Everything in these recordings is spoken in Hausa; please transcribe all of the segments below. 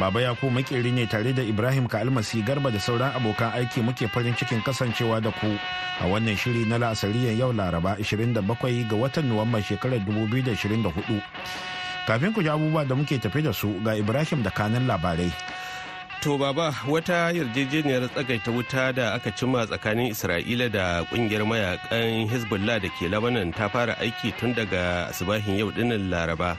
Baba ya ku makeri ne tare da Ibrahim Kalmasi Garba da sauran abokan aiki muke farin cikin kasancewa da ku a wannan shiri na la'asariyar yau Laraba 27 ga watan nuwamba shekarar 2024. Kafin ku ji abubuwa da muke tafi da su ga Ibrahim da kanan labarai. To baba wata yarjejeniyar tsagaita wuta da aka cimma tsakanin Isra'ila da kungiyar mayakan Hezbollah da ke Lebanon ta fara aiki tun daga asibahin yau dinnan Laraba.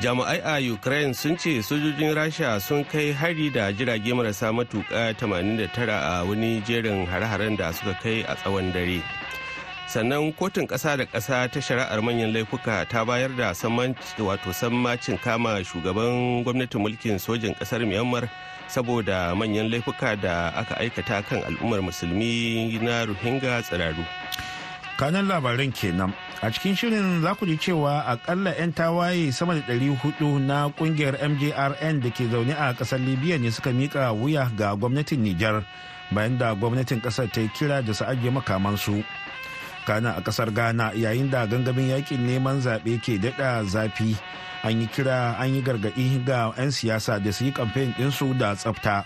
jami'ai a ukraine sun ce sojojin rasha sun kai hari da jirage marasa matuka 89 a wani jerin hare-haren da suka kai a tsawon dare sannan kotun ƙasa da ƙasa ta shari'ar manyan laifuka ta bayar da wato sammacin kama shugaban gwamnatin mulkin sojin ƙasar myanmar saboda manyan laifuka da aka aikata kan al'ummar musulmi na ruhinga tsiraru kanan labaran kenan a cikin shirin za ku ji cewa akalla 'yan tawaye sama da 400 na kungiyar mjrn da ke zaune a kasar libya ne suka mika wuya ga gwamnatin nijar bayan da gwamnatin kasar ta yi kira da su ajiye makamansu kana a kasar ghana yayin da gangamin yakin neman zaɓe ke daɗa zafi an yi kira an yi gargaɗi ga 'yan siyasa da su yi kamfen ɗinsu da tsafta.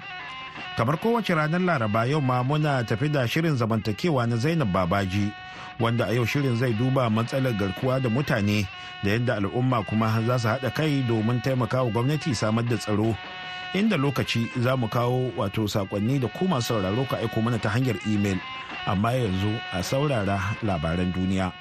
kamar kowace ranar laraba yau ma muna tafi da shirin zamantakewa na zainab babaji wanda a yau shirin zai duba matsalar garkuwa da mutane da yadda al'umma kuma za su haɗa kai domin taimaka wa gwamnati samar da tsaro inda lokaci za mu kawo wato sakonni da kuma sauraro ka aiko mana ta hanyar imel amma yanzu a saurara labaran duniya.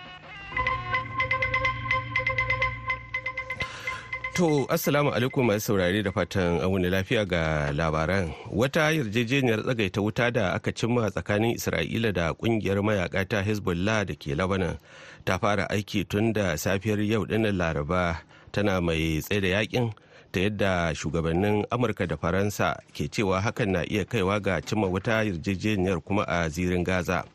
To, Assalamu alaikum masu saurare da fatan an wani lafiya ga labaran. Wata yarjejeniyar tsagaita wuta da aka cimma tsakanin Isra'ila da kungiyar mayaka ta Hezbollah da ke Labanan ta fara aiki tun da safiyar yau dinnan Laraba tana mai tsaida yakin ta yadda shugabannin Amurka da Faransa ke cewa hakan na iya kaiwa ga cimma wata yarjejeniyar kuma a zirin Gaza.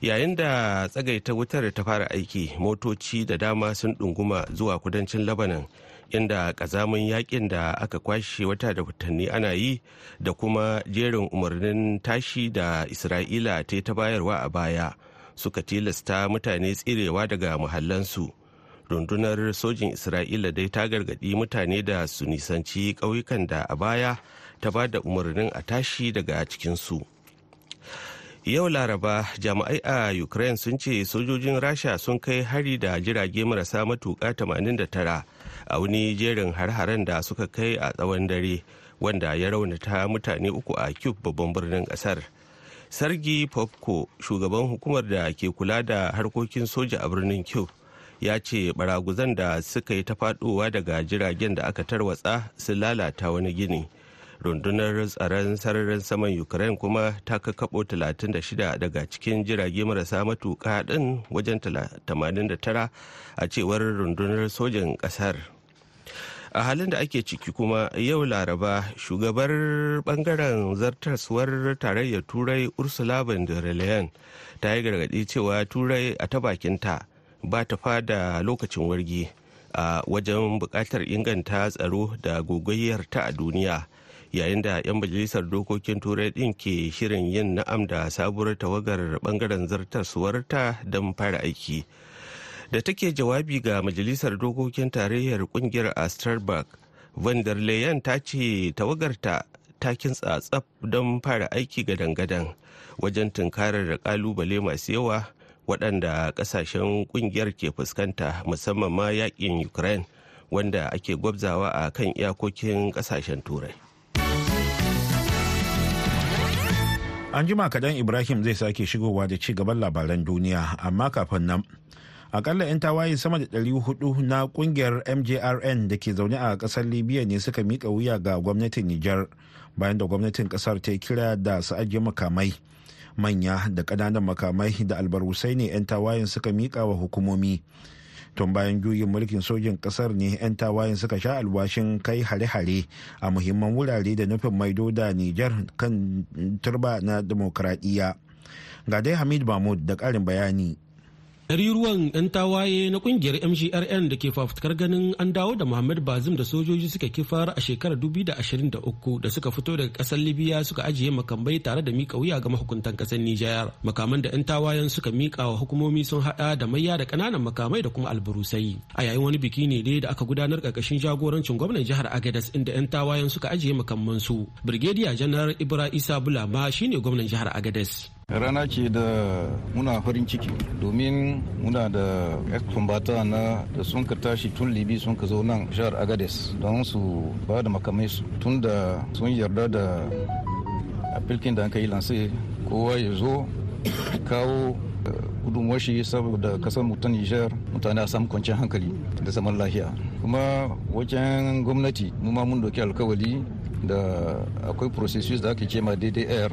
yayin da tsagaita wutar ta fara aiki motoci da dama sun ɗunguma zuwa kudancin labanan inda kazamin yakin da aka kwashe wata da watanni ana yi da kuma jerin umarnin tashi da isra'ila ta ta bayarwa a baya suka tilasta mutane tsirewa daga muhallansu rundunar sojin isra'ila dai ta gargaɗi mutane da su nisanci ƙauyukan da a baya ta ba da umarnin a tashi daga cikinsu yau laraba jami'ai a ukraine sun ce sojojin rasha sun kai hari da jirage marasa matuka 89 a wani jerin har-haren da suka kai a tsawon dare wanda ya raunata mutane uku a cube babban birnin kasar sargi popko shugaban hukumar da ke kula da harkokin soja a birnin cube ya ce baraguzan da suka yi ta fadowa daga jiragen da aka tarwatsa sun lalata wani gini rundunar tsaron sararin saman ukraine kuma ta kakabo 36 daga cikin jirage marasa matuƙa ɗin wajen 89 a cewar rundunar sojan ƙasar a halin da ake ciki kuma yau laraba shugabar bangaren zartaswar tarayyar turai ursula von der leyen ta yi gargaɗi cewa turai a ta bakinta ba ta fada lokacin wargi a wajen buƙatar inganta tsaro da gogayyar ta a duniya yayin da 'yan majalisar dokokin turai din ke shirin yin na'am da sabuwar tawagar bangaren zartaswarta don fara aiki da take jawabi ga majalisar dokokin tarayyar kungiyar a starbuck van der ta ce tawagarta ta kintsa tsaf don fara aiki ga dangadan wajen tunkarar da kalubale masu yawa waɗanda ƙasashen ƙungiyar ke fuskanta musamman ma yaƙin ukraine wanda ake gwabzawa a kan iyakokin ƙasashen turai An jima kadan Ibrahim zai sake shigowa da ci gaban labaran duniya amma kafin nan. Akalla 'yan tawaye sama da 400 na kungiyar MJRN da ke zaune a kasar Libya ne suka mika wuya ga gwamnatin Nijar bayan da gwamnatin kasar ta kira da su ajiye makamai. Manya da ƙananan makamai da albarusai ne 'yan tawayen suka miƙa wa hukumomi. tun bayan juyin mulkin sojin kasar ne 'yan tawayen suka sha alwashin kai hare-hare a muhimman wurare da nufin maido da nijar kan turba na demokradiyya ga dai hamid mahmud da ƙarin bayani ruwan 'yan tawaye na kungiyar MGRN da ke fafutukar ganin an dawo da Muhammad Bazim da sojoji suka kifar a shekarar 2023 da suka fito daga kasar Libya suka ajiye makamai tare da mika wuya ga mahukuntan kasar Nijar. Makaman da 'yan tawayen suka mika wa hukumomi sun haɗa da mayya da kananan makamai da kuma alburusai. A yayin wani biki ne dai da aka gudanar karkashin jagorancin gwamnan jihar Agadez inda 'yan tawayen suka ajiye makamansu. Brigadier Janar Ibra Isa Bulama shine gwamnan jihar Agadez. Rana ce da muna farin ciki domin muna da ex-kumbata na da sun ka tashi tun Libi sun ka zo nan jihar Agades don su ba da makamai su tun da sun yarda da afirkin da aka yi lanse kowa ya zo kawo eh, gudunmuwar shi saboda kasar mutan Nijar mutane a samu kwanciyar hankali da zaman lafiya. Kuma wajen gwamnati mu ma mun doki alkawali da akwai processus da ake ce ma DDR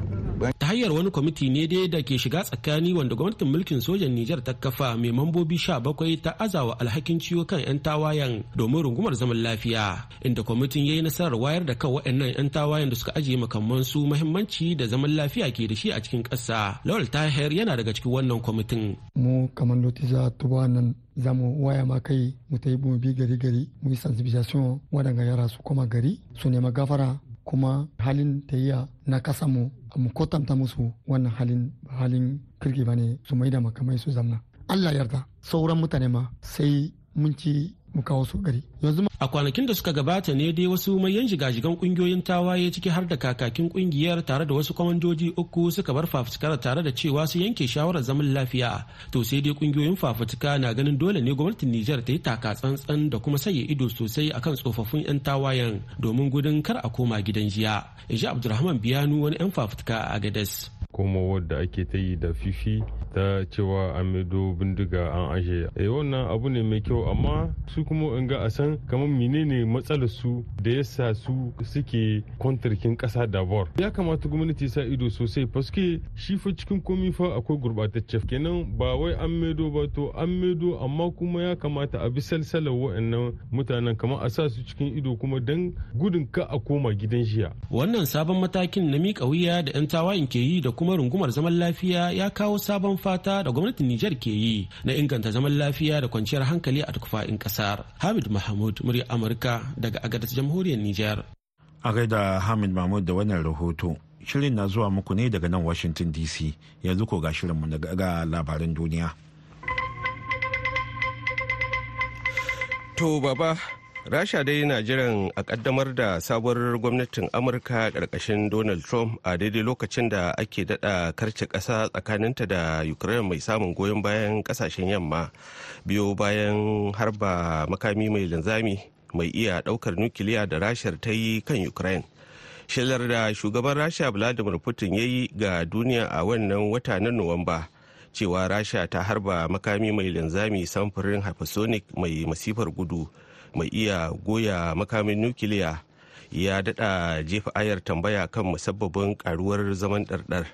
zaben. Ta hanyar wani kwamiti ne dai da ke shiga tsakani wanda gwamnatin mulkin sojan Nijar ta kafa mai mambobi sha bakwai ta azawa alhakin ciwo kan 'yan tawayen domin rungumar zaman lafiya inda kwamitin ya yi nasarar wayar da kan wa'annan 'yan tawayen da suka ajiye makamman su muhimmanci da zaman lafiya ke da shi a cikin kasa Lawal ta Tahir yana daga cikin wannan kwamitin. Mu kamar Lotiza Tuba nan za mu waya ma kai mu ta yi bumbi gari gari mu yi sensibilisation waɗanda yara su koma gari su nema gafara kuma halin tayya na kasanmu mu kwatanta musu wannan halin halin kirki ba ne su maida makamai su zamna allah yarda sauran mutane ma sai mun ci mu kawo su gari a kwanakin da suka gabata ne dai wasu mayan shiga-shigan kungiyoyin tawaye ciki har da kakakin kungiyar tare da wasu kwamandoji uku suka bar fafutukar tare da cewa su yanke shawarar zaman lafiya to sai dai kungiyoyin fafutuka na ganin dole ne gwamnatin Nijar ta yi taka tsantsan da kuma sanya ido sosai akan tsofaffin yan tawayen domin gudun kar a koma gidan jiya in Abdulrahman Biyanu wani yan fafutuka a gadas. komowar da ake ta yi da fifi ta cewa an mido bindiga an ashe e eh, wannan abu ne mai kyau amma su kuma in ga a san kamar menene matsalar su da yasa su suke kwantarkin kasa da bor ya kamata gwamnati sa ido sosai paske shi fa cikin komi fa akwai gurbatacce kenan ba wai an mido ba to an mido amma kuma ya kamata a bi salsalar wa'annan mutanen kamar a sa su cikin ido kuma don gudun ka a koma gidan jiya wannan sabon matakin na miƙa wuya da 'yan tawayin ke yi da kuma rungumar zaman lafiya ya kawo sabon fata da gwamnatin Nijar ke yi na inganta zaman lafiya da kwanciyar hankali a duk fa'in kasar. Hamid Mahmud murya Amurka daga agadar Jamhuriyar Nijar. A gaida Hamid Mahmud da wannan rahoto. Shirin na zuwa muku ne daga nan Washington DC yanzu ko ga shirinmu daga labaran duniya. To baba rasha dai na jiran a kaddamar da sabuwar gwamnatin amurka karkashin donald trump a daidai lokacin da ake dada karce kasa tsakaninta da ukraine mai samun goyon bayan kasashen yamma biyo bayan harba makami mai linzami mai iya daukar nukiliya da rashar ta yi kan ukraine shelar da shugaban rasha vladimir putin ya yi ga duniya a wannan wata na nuwamba cewa rasha ta harba makami mai linzami samfurin hypersonic mai masifar gudu mai iya goya makamin nukiliya ya daɗa jefa ayar tambaya kan musabbabin karuwar zaman ɗarɗar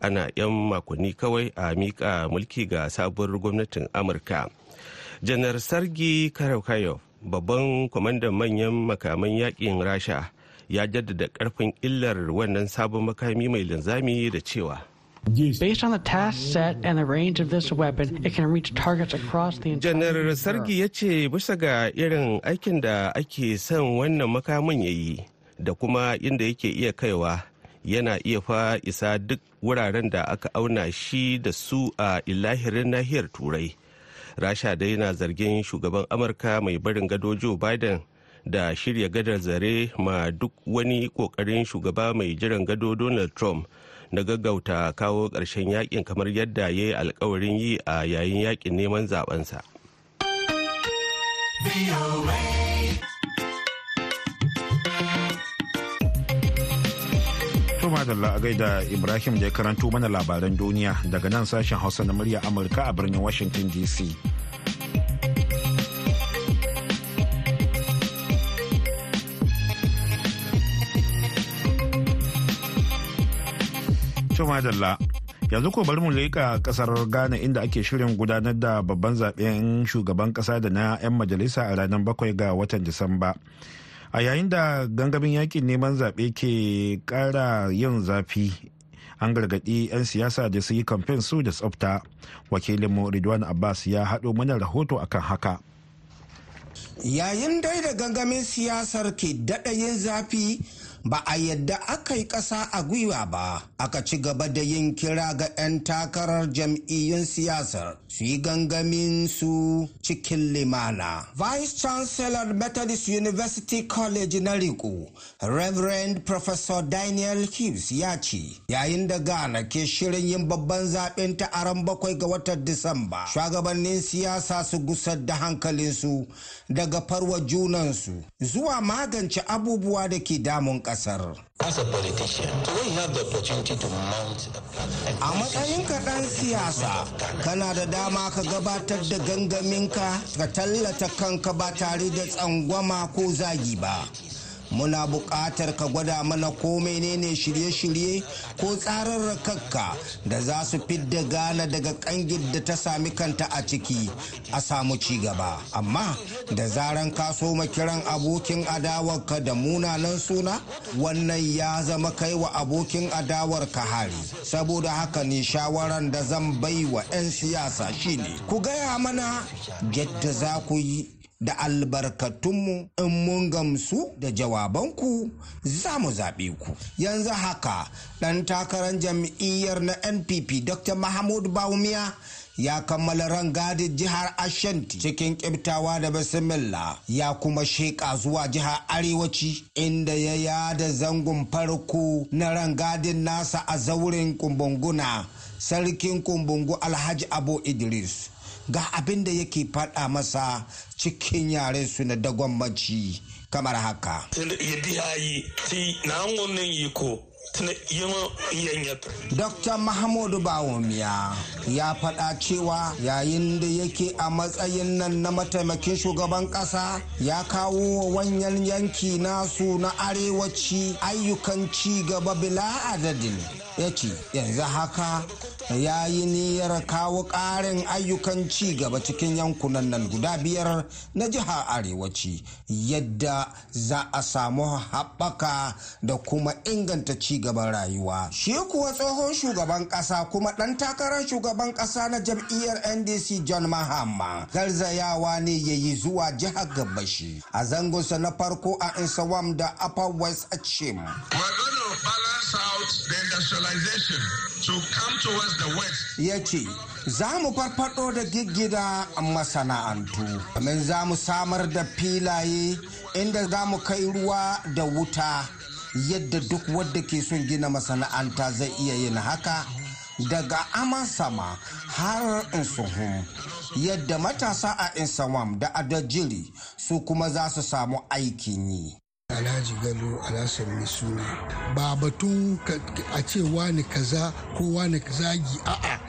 ana 'yan makonni kawai a miƙa mulki ga sabuwar gwamnatin amurka janar sargi karaukayo babban kwamandan manyan makaman yakin rasha ya jaddada karfin illar wannan sabon makami mai linzami da cewa Based on the task set and the range of this weapon, it can reach targets across the entire Janar Sargi ya ce bisa ga irin aikin da ake son wannan makamin ya yi da kuma inda yake iya kaiwa yana iya fa isa duk wuraren da aka auna shi da su a ilahirin nahiyar turai. Rasha dai na zargin shugaban Amurka mai barin gado Joe Biden da shirya gadar zare ma duk wani kokarin shugaba mai jiran gado Donald Trump. na gaggauta kawo ƙarshen yakin kamar yadda ya yi alkawarin yi a yayin yakin neman zabensa. Tumadalla a gaida ibrahim da ya karanto mana labaran duniya daga nan sashen hausa na murya amurka a birnin washington dc To madalla. Yanzu ko bari mu leƙa kasar Ghana inda ake shirin gudanar da babban zaben shugaban kasa da na 'yan majalisa a ranar bakwai ga watan Disamba. A yayin da gangamin yakin neman zaɓe ke ƙara yin zafi an gargaɗi 'yan siyasa da su yi kamfen su da tsafta. wakilin Ridwan Abbas ya haɗo mana rahoto akan haka. Yayin dai da gangamin siyasar ke daɗa yin zafi ba a yadda aka yi ƙasa a gwiwa ba aka ci gaba da yin kira ga 'yan takarar jam'iyyun siyasar su yi gangamin su cikin limana vice chancellor methodist university college na riko reverend professor daniel hughes ya ce yayin da ghana ke shirin yin babban zaɓen ta aran bakwai ga watan disamba shugabannin siyasa su gusar da hankalinsu daga farwa junansu zuwa magance abubuwa da ke damun ƙasa kasar. A matsayin ka ɗan siyasa, kana da dama ka gabatar da gangaminka ka tallata kanka ba tare da tsangwama ko zagi ba. muna buƙatar ka gwada mana ko menene shirye-shirye ko tsararrakakka da za su fidda gana daga kangin da ta sami kanta a ciki a samu ci gaba amma da zaran ka soma kiran abokin adawarka da munanan suna wannan ya zama kai wa abokin adawarka hari saboda haka ne shawaran da zan bai wa 'yan siyasa shine ku gaya mana yadda za ku yi da albarkatunmu in mun gamsu da jawabanku za mu zaɓe ku. Yanzu haka ɗan takarar jam'iyyar na NPP Dr. Mahmud Bawumiya, ya kammala rangadin jihar Ashanti cikin kibtawa da Basimilla ya kuma sheƙa zuwa jihar Arewaci inda ya yada zangon farko na rangadin nasa a zauren kumbunguna sarkin kumbungu Alhaji Abu Idris. ga abin da yake faɗa masa cikin yaren su na dagwammaci kamar haka. Dr. Mahamudu Bawomiya ya faɗa cewa yayin da yake a matsayin nan na mataimakin shugaban ƙasa ya kawo wa wanyan yanki nasu na arewaci ayyukan ci gaba bila adadin. ya ce yanzu haka ya yi niyyar kawo ƙarin ayyukan ci gaba cikin yankunan nan guda biyar na jiha arewaci yadda za a samu haɓaka da kuma inganta ci gaban rayuwa shi kuwa tsohon shugaban ƙasa kuma ɗan takarar shugaban ƙasa na jam'iyyar ndc john mahama garzayawa ne ya yi zuwa jihar gabashi a zangonsa na farko a insawam da upper west a Ya ce, za mu farfado da giggida masana'antu, Min za mu samar da filaye inda za mu kai ruwa da wuta yadda duk wadda ke son gina masana'anta zai iya yin haka daga aman sama har insuhun yadda matasa a insawam da adajiri su kuma za su samu aikin yi. alhaji gado alhassan ba batun a ce wani kaza ko wani zagi a'a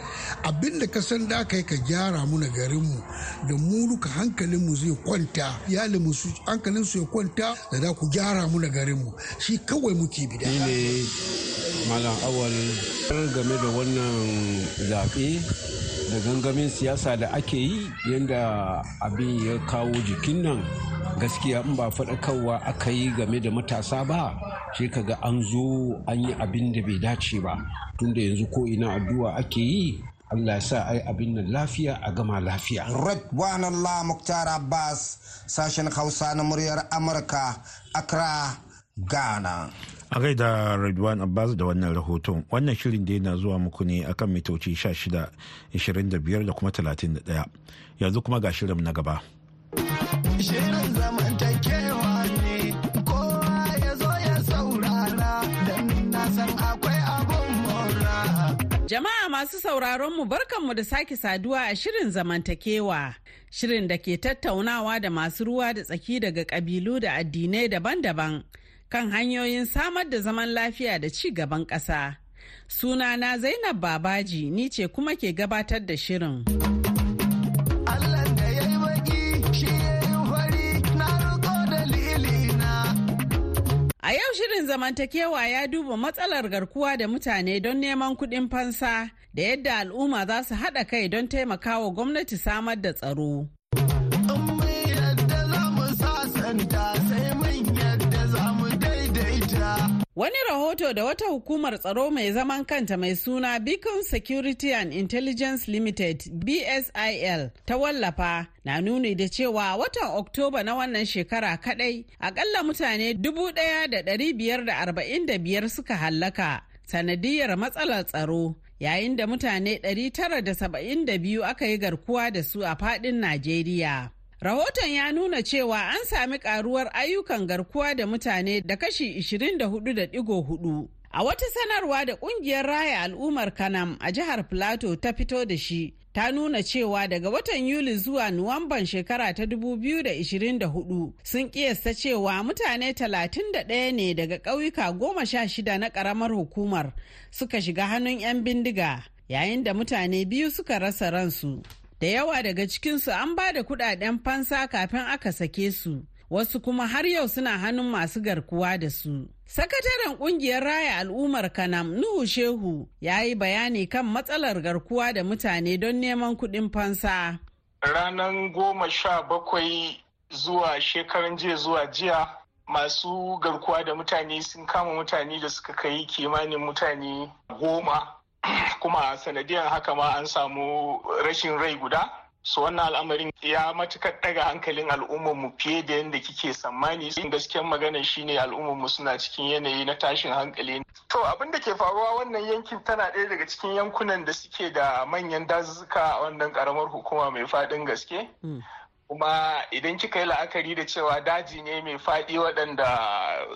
abinda da ka san da aka yi ka gyara muna garinmu da mu hankalinmu zai kwanta iyalinmu su hankalin su ya kwanta da za ku gyara muna garinmu shi kawai muke bida ne malam awal game da wannan zaɓe da gangamin siyasa da ake yi yadda abin ya kawo jikin nan gaskiya in ba faɗakarwa aka yi game da matasa ba shi kaga an zo an yi abin da bai dace ba tunda yanzu ko ina addu'a ake yi Allah sa ai abin nan lafiya a gama lafiya. Radwan Allah Muktar Abbas sashen Hausa na muryar Amurka Accra gana. A gaida Radwan Abbas da wannan rahoton wannan shirin da yana zuwa muku ne akan mitoci 16, 25 da kuma 31 yanzu kuma ga shirin na gaba. masu sauraron sauraronmu barkanmu da sake saduwa a shirin zamantakewa. Shirin da ke tattaunawa da masu ruwa da tsaki daga kabilu da addinai daban-daban kan hanyoyin samar da zaman lafiya da ci gaban ƙasa. Sunana Zainab Babaji ni ce kuma ke gabatar da shirin. A yau shirin zamantakewa ya duba matsalar garkuwa da mutane don neman kuɗin fansa da yadda al'umma za su haɗa kai don taimakawa gwamnati samar da tsaro. Wani rahoto da wata hukumar tsaro mai zaman kanta mai suna Beacon Security and Intelligence Limited BSIL ta wallafa na nuni da cewa watan Oktoba na wannan shekara kadai akalla mutane 1,545 suka hallaka sanadiyar matsalar tsaro yayin da mutane 972 aka yi garkuwa da su a fadin Najeriya. Rahoton ya nuna cewa an sami karuwar ayyukan garkuwa da mutane da kashi 24.4. A wata sanarwa da kungiyar raya al'ummar Kanam a jihar Plateau ta fito da shi, ta nuna cewa daga watan Yuli zuwa Nuwamban shekara ta 2024 sun kiyasta cewa mutane 31 ne daga ƙauyuka 16 na ƙaramar hukumar suka shiga hannun 'yan bindiga, yayin da mutane biyu suka rasa ransu. Da yawa daga cikinsu an ba da kudaden fansa kafin aka sake su, wasu kuma har yau suna hannun masu garkuwa da su. Sakataren kungiyar raya al'ummar Kanam Nuhu Shehu ya yi bayani kan matsalar garkuwa da mutane don neman kuɗin fansa. Ranar goma sha bakwai zuwa shekaran jiya zuwa jiya masu garkuwa da mutane sun kama mutane da suka kai kimanin mutane goma kuma sanadiyar haka ma an samu rashin rai guda su wannan al'amarin ya matukar daga hankalin al'ummarmu fiye da yadda kike tsammani sun gasken magana shine al'ummarmu suna cikin yanayi na tashin hankali to abin da ke faruwa wannan yankin tana ɗaya daga cikin yankunan da suke da manyan dazuzzuka a wannan karamar hukuma mai faɗin gaske hmm. kuma idan kika yi la'akari da cewa daji ne mai faɗi waɗanda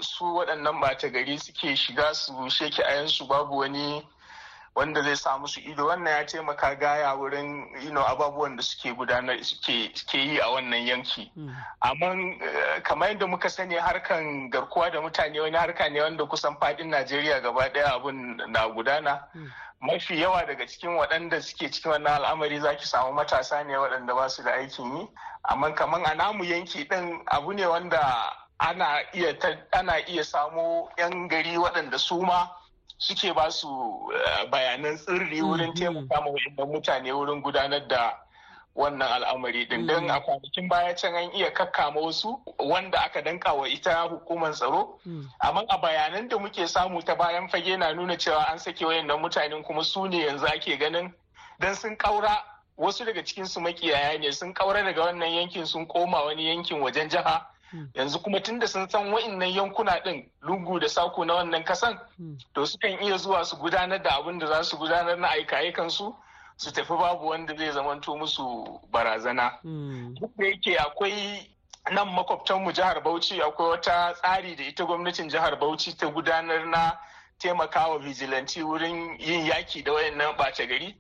su waɗannan ɓata gari suke shiga su sheki ayansu babu wani wanda zai sa musu ido wannan ya taimaka gaya wurin you ababuwan da suke gudanar suke yi a wannan yanki hmm. amma eh, kamar yadda muka sani harkan garkuwa da mutane wani harka ne wanda kusan fadin najeriya gaba daya abun na gudana hmm. mafi yawa daga cikin waɗanda suke cikin wannan al'amari zaki samu matasa ne waɗanda ba su da aikin yi amma kamar a namu yanki ɗin abu ne wanda ana iya samo 'yan gari waɗanda su ma suke ba su eh, bayanan tsirri wurin mhm. taimaka ma mutane wurin gudanar da wannan al'amari din don mhm. a kwanakin baya can an iya kakkama wasu wanda aka danka wa ita hukumar tsaro mhm. amma a bayanan da muke samu ta bayan fage na nuna cewa an sake wayannan mutanen kuma su ne yanzu ake ganin Dan sun kaura wasu daga cikin su makiyaya ne sun kaura daga wannan yankin sun koma wani yankin wajen jiha Hmm. yanzu kuma tunda sun san wa'innan yankuna din lungu da sako na wannan kasan hmm. to sukan iya zuwa su gudanar da abin da za su gudanar na aika su su tafi babu wanda zai zamanto musu barazana hmm. duk da yake akwai nan makwabtanmu jihar bauchi akwai wata tsari da ita gwamnatin jihar bauchi ta gudanar na taimakawa vigilanti wurin yin yaki da wayannan bace gari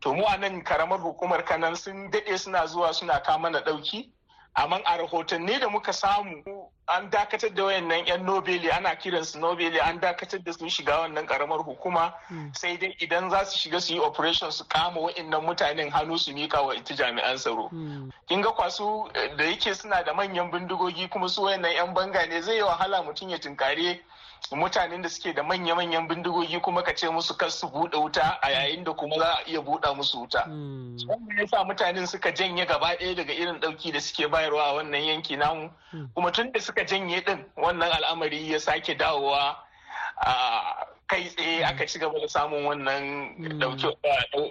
to mu a nan karamar hukumar kanan sun daɗe suna zuwa suna kama na ɗauki amma a rahotanni da muka samu an dakatar da wayannan 'yan nobeli ana kiransu nobeli an dakatar da sun shiga wannan karamar hukuma hmm. sai dai idan za su shiga su yi operation su kama wayannan mutanen hannu su mika wa ita jami'an tsaro hmm. kin ga kwasu eh, da yake suna da manyan bindigogi kuma su wayannan 'yan banga ne zai yi wahala mutum ya tunkare mutanen da suke da manya-manyan bindigogi kuma ka ce musu kar su buɗe wuta a yayin da kuma za a iya buɗa musu wuta. Hmm. Wannan ya sa mutanen suka janye gaba ɗaya daga irin ɗauki da suke bayarwa a wannan yanki namu. Hmm. Kuma tun da suka janye ɗin wannan al'amari ya sake dawowa a kai tsaye hmm. aka ci gaba da samun wannan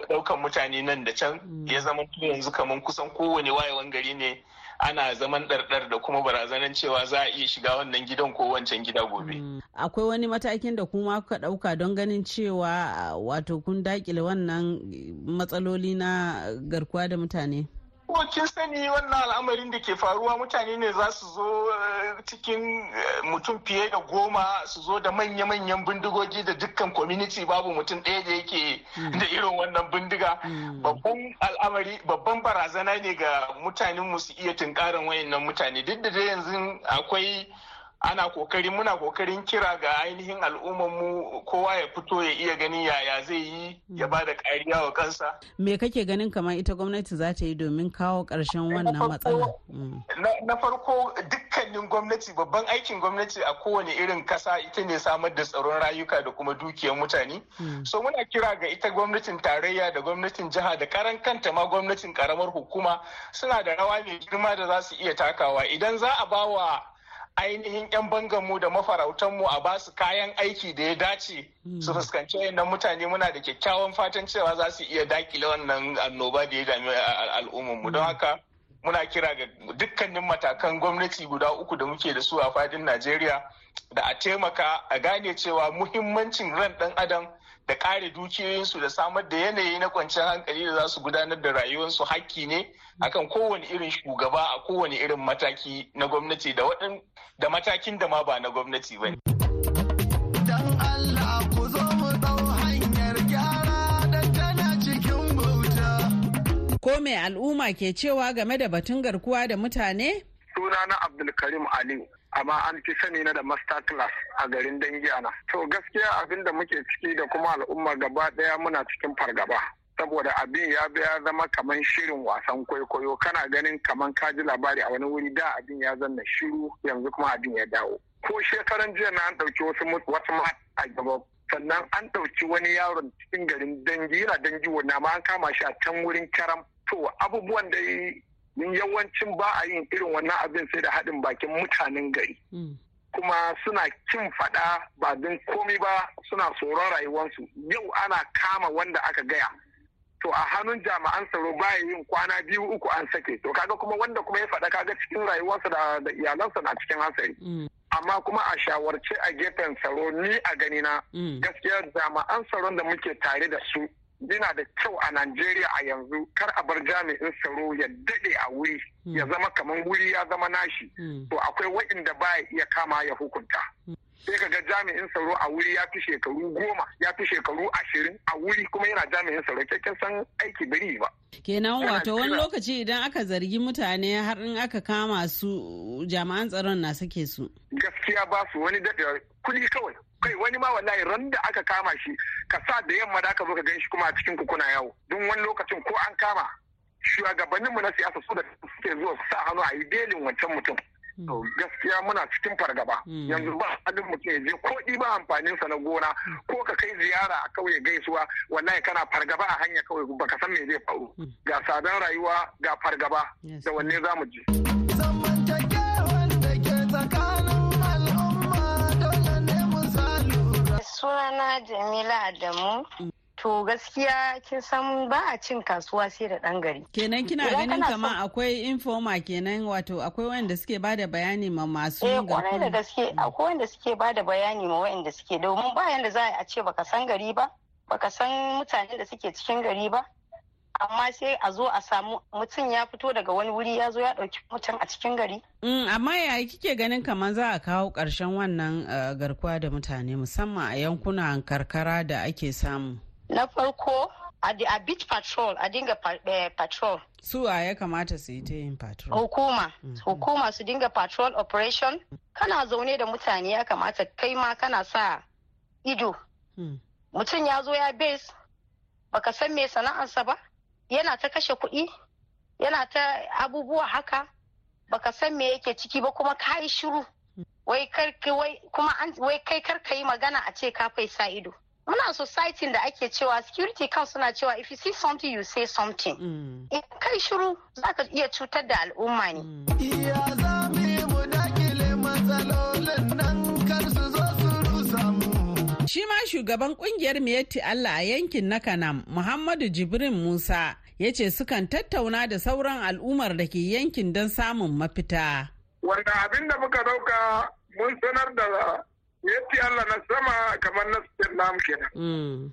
ɗaukan mutane nan da can ya zama yanzu kamar kusan kowane wayewan gari ne. ana zaman ɗarɗar da kuma barazanar cewa za a iya shiga wannan gidan ko wancan gida gobe. Hmm. Akwai wani matakin da kuma kuka ɗauka don ganin cewa wato kun daƙile wannan matsaloli na garkuwa da mutane? ko kin sani wannan al'amarin da ke faruwa mutane ne za su zo eh, cikin eh, mutum fiye da goma su zo da manya-manyan bindigogi da dukkan community babu mutum ɗaya da yake hmm. da irin wannan bindiga hmm. babban al'amari babban barazana ne ga mutanen mu su iya tunkarin wayannan mutane duk da yanzu akwai ana kokari muna kokarin kira ga ainihin mu kowa ya fito ya iya ganin yaya zai yi ya hmm. ba da kariya wa kansa. Me kake ganin kamar ita gwamnati za ta yi domin kawo ƙarshen wannan matsala? Hmm. Na farko dukkanin gwamnati babban aikin gwamnati a kowane irin kasa ita ne samar da tsaron rayuka da kuma dukiyar mutane. Hmm. So muna kira ga ita gwamnatin tarayya da gwamnatin jiha da karan kanta ma gwamnatin karamar hukuma suna da rawa mai girma da za su iya takawa idan za a bawa ainihin 'yan banganmu da mafarautanmu a ba su kayan aiki da ya dace hmm. su fuskanci wayannan mutane muna da kyakkyawan fatan cewa za su iya dakile wannan annoba da ya dami al'ummarmu don hmm. haka muna kira ga dukkanin matakan gwamnati guda uku da muke da su a fadin najeriya da a taimaka a gane cewa muhimmancin ran ɗan adam da kare dukiyoyinsu da samar da yanayi na kwanciyar hankali da za su gudanar da rayuwarsu hakki ne akan kowane irin shugaba a kowane irin mataki na gwamnati da waɗin da matakin da ma ba na gwamnati ba. Dan gyara da tana cikin bauta. Ko mai al'umma ke cewa game da batun garkuwa da mutane? Sunana Abdulkarim Aliyu. amma an fi sani na da master class a garin dangi ana to gaskiya abin da muke ciki da kuma al'umma gaba daya muna cikin fargaba saboda abin ya ya zama kamar shirin wasan kwaikwayo kana ganin kaman ka ji labari a wani wuri da abin ya zanna shiru yanzu kuma abin ya dawo ko shekaran jiya na an ɗauki wasu wasu a gaba sannan an ɗauki wani yaron cikin garin dangi yana dangi wani amma an kama shi a can wurin karam to abubuwan da yawancin ba a yin irin wannan abin sai da haɗin bakin mutanen gari hmm. kuma suna kin faɗa ba don komi ba suna tsoron rayuwarsu yau ana kama wanda aka gaya to a hannun jami'an tsaro baya yin kwana biyu uku an sake to kaga kuma wanda kuma ya faɗa kaga cikin rayuwarsa da iyalansa na cikin hatsari hmm. amma kuma a shawarce a gefen tsaro ni a ganina hmm. gaskiya jami'an tsaron da muke tare da su yana da kyau a Najeriya a yanzu kar a bar jami'in tsaro ya daɗe a wuri hmm. ya zama kamar wuri ya zama nashi hmm. to akwai waɗanda baya iya kama ya hukunta hmm. sai ka ga jami'in tsaro a wuri ya fi shekaru goma ya fi shekaru ashirin a wuri kuma yana jami'in tsaro kyakkyan san aiki biri ba. kenan wato wani lokaci idan aka zargi mutane har in aka kama su jami'an tsaron na sake su. gaskiya ba su wani daɗe kuɗi kawai kai wani ma wallahi ran da aka kama shi ka sa da yamma da aka zo ka ganshi kuma a cikin kuna yawo don wani lokacin ko an kama mu na siyasa su da suke zuwa su sa hannu a yi delin wancan mutum hmm. gaskiya muna cikin fargaba hmm. yanzu ba halin mutum ya je ko ba amfanin sa na gona ko ka kai ziyara a kauye gaisuwa wallahi kana fargaba a hanya kawai baka san me zai faru hmm. ga sadan rayuwa ga fargaba da wanne zamu je sunana jamila adamu mm. to gaskiya kin san ba a cin kasuwa sai da dan gari kenan kina ganin kama akwai informa kenan wato akwai wanda suke ba da bayani ma masu eh kwarai da gaske mm. akwai wanda suke ba da bayani ma wanda suke domin ba yanda za a ce baka san gari ba baka san mutanen da suke cikin gari ba amma sai a zo a samu mutum ya fito daga wani wuri ya zo ya ɗauki mutum a cikin gari. Mm, amma yaya kike ganin kamar za a kawo karshen wannan eh, garkuwa da mutane musamman a yankunan karkara da ake samu. Na farko a beach patrol a dinga eh, patrol. Su a ya kamata su yi ta yin patrol. Hukuma. Mm. Hukuma su dinga patrol operation. Kana zaune da mutane ya kamata kai ma kana sa ido. Mm. Mutum ya zo ya base baka san me sana'arsa ba yana ta kashe kuɗi yana ta abubuwa haka baka san me yake ciki ba kuma ka yi shiru wai kai kar ka yi magana a ce ka fai sa ido muna society da ake cewa security kan suna cewa if you see something you say something mm. in kai shiru zaka iya cutar da al'umma ne shi ma shugaban kungiyar miyatti Allah a yankin na Kanam Muhammadu Jibrin Musa ya ce sukan tattauna da sauran al'ummar da ke yankin don samun mafita. Wanda abin da muka dauka mun sanar da yatti Allah na sama kamar na Islam kenan. Mm.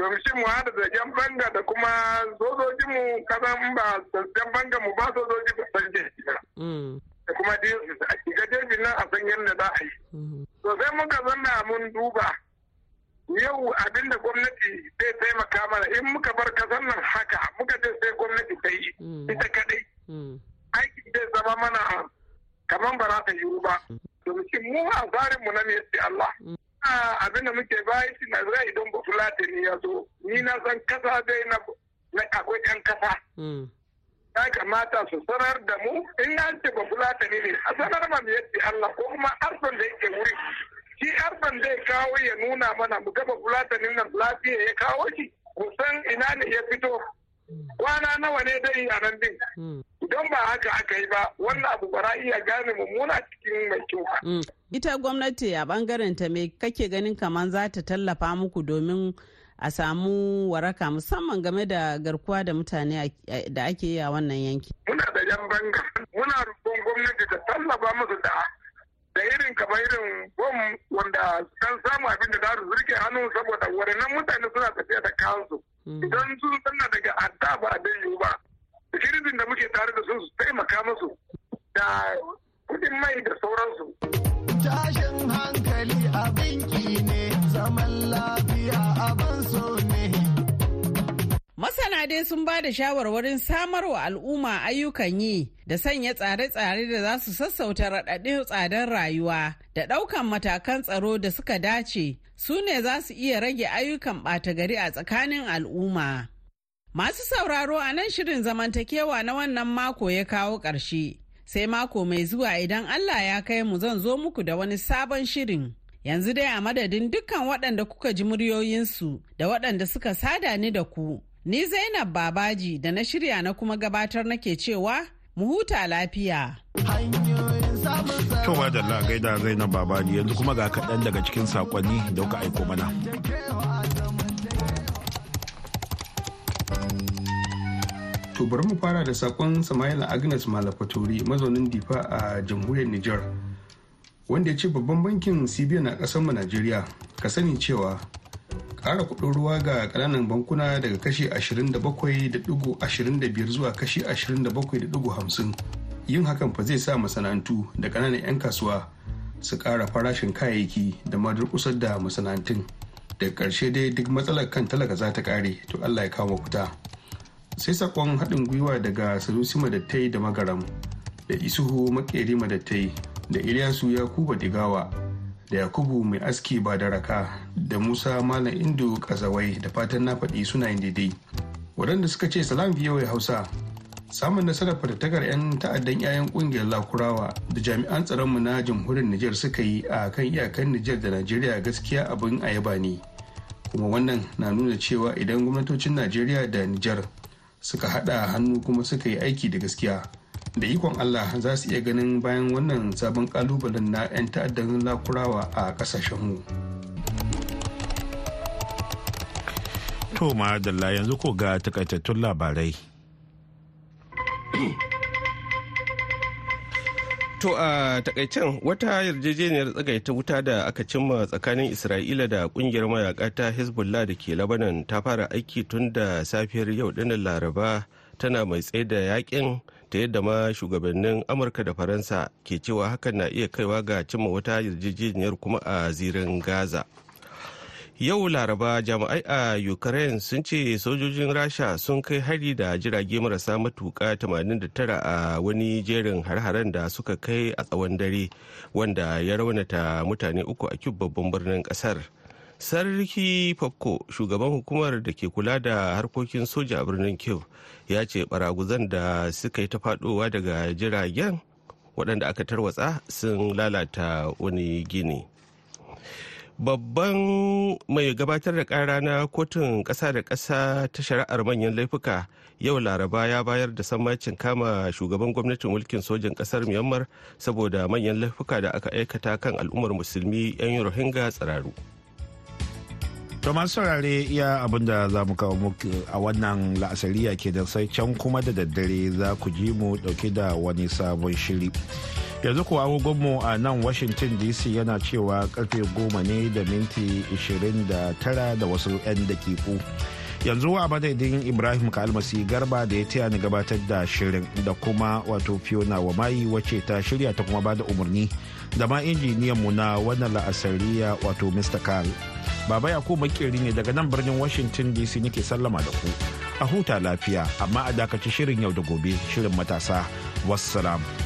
Domin shi mu hada da jan banga da kuma sojoji mu kaza in ba jan banga mu ba sojoji ba san mm. Da kuma a shiga jirgin nan a san yadda za a yi. Mm. To sai muka zanna mun duba. yau abin da gwamnati zai taimaka mana in muka bar kasar nan haka muka ce sai gwamnati ta yi hmm. ita kadai hmm. aiki zai zama mana kamar ba za ta yiwu ba domin hmm. mu a tsarinmu na ne Allah abin da muke bayi shi na zai idan ba fulatani ya zo ni na san kasa dai na akwai yan kasa ya kamata su sanar da mu in an ce ba ne a sanar ma yadda Allah ko kuma arson da yake wuri shi arban zai kawo ya nuna mana mu gaba fulatanin nan lafiya ya kawo shi kusan ina ne ya fito kwana nawa ne dai a nan din hmm. don ba haka aka yi ba wannan abu bara iya gane mummuna cikin mai kyau ba. Hmm. ita gwamnati a bangaren ta me kake ganin kamar za ta tallafa muku domin a samu waraka musamman game da garkuwa da mutane da ake yi a wannan yanki. Muna da yan banga, muna rubon gwamnati ta tallafa musu da da irin kamar irin bom wanda dan samu abin da zasu su zurke hannu saboda waɗannan mutane suna tafiya da kansu hmm. idan sun sanna daga adda ba abin yiwu ba sikirin da muke tare da su su taimaka musu da kudin mai da sauransu. Tashin hankali abin ne zaman lafiya abin so Masana dai sun ba da shawarwarin samar wa al'umma ayyukan yi da sanya tsare-tsare da za su sassauta raɗaɗin tsadar rayuwa da ɗaukan matakan tsaro da suka dace su ne za su iya rage ayyukan ɓata gari a tsakanin al'umma. Masu sauraro a nan shirin zamantakewa na wannan mako ya kawo ƙarshe. Sai mako mai zuwa idan Allah ya kai mu zan zo muku da wani sabon shirin. Yanzu dai a madadin dukkan waɗanda kuka ji muryoyinsu da waɗanda suka sada ni da ku. Ni Zainab Babaji da na shirya na kuma gabatar nake cewa mu huta lafiya. Kyau Dalla gai gaida Zainab Babaji yanzu kuma ga kaɗan daga cikin saƙonni da kuka aiko mana. To bari mu fara da saƙon Samaila Agnes Malafaturi mazaunin Difa a jamhuriyar Nijar. Wanda ya ce babban bankin CBN a ƙasarmu Najeriya ka sani cewa ƙara kuɗin ruwa ga ƙananan bankuna daga kashi 27.25 zuwa kashi 27.50 yin hakan fa zai sa masana'antu da ƙananan 'yan kasuwa su ƙara farashin kayayyaki da madar kusur da masana'antun da ƙarshe dai duk matsalar kan talaka za ta ƙare to allah ya kawo kuta. sai sakon haɗin gwiwa daga sanusi madattai da magaram da isuhu makeri madattai da iliyasu yakuba digawa da yakubu mai aski ba da raka da musa malam indu kazawai da fatan na faɗi suna yin daidai waɗanda suka ce salam wa hausa samun nasarar fatattakar 'yan ta'addan 'ya'yan ƙungiyar lakurawa da jami'an tsaronmu na jamhuriyar nijar suka yi a kan iyakan nijar da najeriya gaskiya abin a yaba ne kuma wannan na nuna cewa idan gwamnatocin najeriya da nijar suka haɗa hannu kuma suka yi aiki da gaskiya da ikon allah za su iya ganin bayan wannan sabon ƙalubalen na 'yan ta'addan lakurawa a ƙasashenmu. mu To madalla yanzu ko ga takaitattun labarai. To a takaicen wata yarjejeniyar tsagaita wuta da aka cimma tsakanin Isra'ila da kungiyar mayaka ta Hezbollah da ke Lebanon ta fara aiki tun da safiyar yau dinnan Laraba tana mai tsaye da yakin ta yadda ma shugabannin Amurka da Faransa ke cewa hakan na iya kaiwa ga cimma wata yarjejeniyar kuma a zirin Gaza. yau laraba jami'ai a ukraine sun ce sojojin rasha sun kai hari da jirage marasa matuka 89 a wani jerin har-haren da suka kai a tsawon dare wanda ya raunata mutane uku a cikin babban birnin kasar sarki popko shugaban hukumar da ke kula da harkokin soja a birnin kyiv ya ce baraguzan da suka yi ta fadowa daga jiragen waɗanda aka tarwatsa sun lalata wani gini. babban mai gabatar da kara na kotun ƙasa da ƙasa ta shari'ar manyan laifuka yau laraba ya bayar da sammacin kama shugaban gwamnatin mulkin sojin ƙasar myanmar saboda manyan laifuka da aka aikata kan al'ummar musulmi 'yan rohingya tsiraru. To masu saurare iya abin da za mu kawo muku a wannan la'asariya ke da sai can kuma da daddare za ku ji mu dauke da wani sabon shiri. Yanzu kuwa agogonmu a nan Washington DC yana cewa karfe goma ne da minti 29 da wasu 'yan dakiku. Yanzu a madadin Ibrahim Kalmasi Garba da ya taya ni gabatar da shirin da kuma wato Fiona mai wace ta shirya ta kuma bada umarni da ma injiniyanmu na wannan la'asariya wato Mr. Carl. Baba Yakubu Makeri ne daga nan birnin Washington DC nake sallama da ku. A huta lafiya amma a dakaci shirin yau da gobe shirin matasa. Wassalamu.